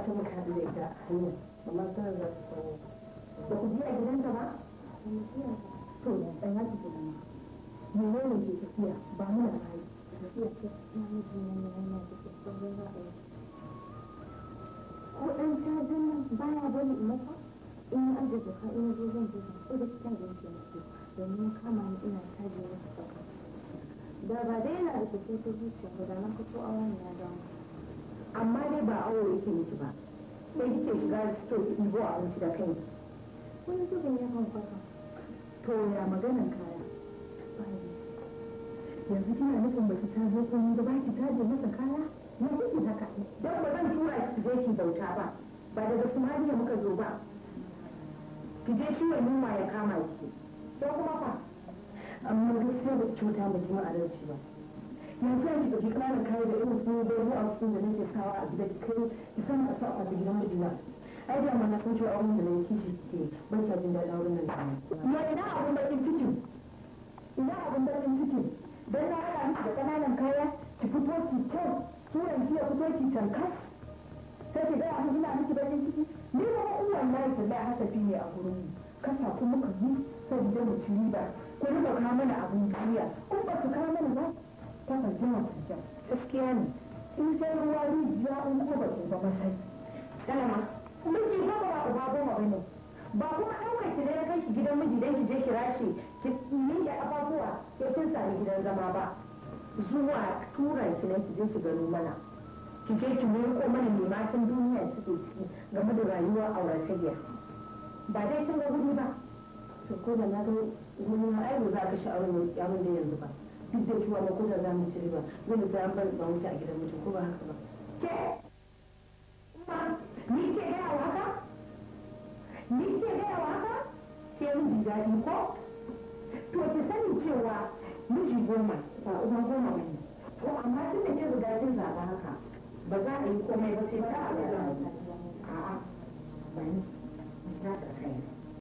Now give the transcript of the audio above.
ita muka da ita hanyar amma da ba ku je a gidanta ba to haka ke nan ne ke tafiya ba mu da ko cajin in an da in zo zan ko da da domin kama ni ina caji da ba dai yana da tafiya ta da ya dawo amma dai ba awo yake miki ba sai kike shiga sto ki ibo wuce da kai wani zubin ya kan kwaka to ya maganan kaya yanzu kina nufin ba ki ta zo kun ba ki ta je masa kaya na kike haka dan ba zan tura ki je ki bauta ba ba daga Somalia muka zo ba ki je shi wani ma ya kama ki sai kuma fa amma gaskiya ba ki cuta ba ki ma'adarci ba da ke da irin su a cikin da nake sawa a gida kai ki san a sawa da gidan mijina ai da mana sun ce da nake kishi ke ban ta jin daɗin auren nan ne ina abun bakin ciki ina abun bakin ciki don na haɗa miki da ƙananan kaya ki fito ki kyau turan ki ya fito ki tankas sai ki gaya mun ina miki bakin ciki ni ba ma uwan na yi tambaya haka ne a gurin mu kasa kuma ka mu saboda mu ci riba ko riba mana abun duniya rigima ta gaskiya ne in sai ruwa rijiya in ko ba ke ba masai kalama miji ba ba uba goma bane ba kuma ɗaukar ki ne ya kai shi gidan miji dan ki je ki rashi ki miƙe ƙafafuwa ya kin sami gidan zama ba zuwa tura ki ne ki je ki gano mana ki je ki miƙo mana limacin duniya suke ciki game da rayuwa auratayya ba dai kin ga gudu ba to ko da na ga gudu ma ai ba za ka sha'awar abin da yanzu ba duk da cewa na kuna za mu ci riba dole sai an bar ba wuce a gidan mutum ko ba haka ba ke kuma ni ke gaya wa haka ni ke gaya wa haka ke mun ji daɗi ko to ki sani cewa miji goma ba uban goma ba ne to amma tun da ke riga kin zaɓa haka ba za a yi komai ba sai ba a ga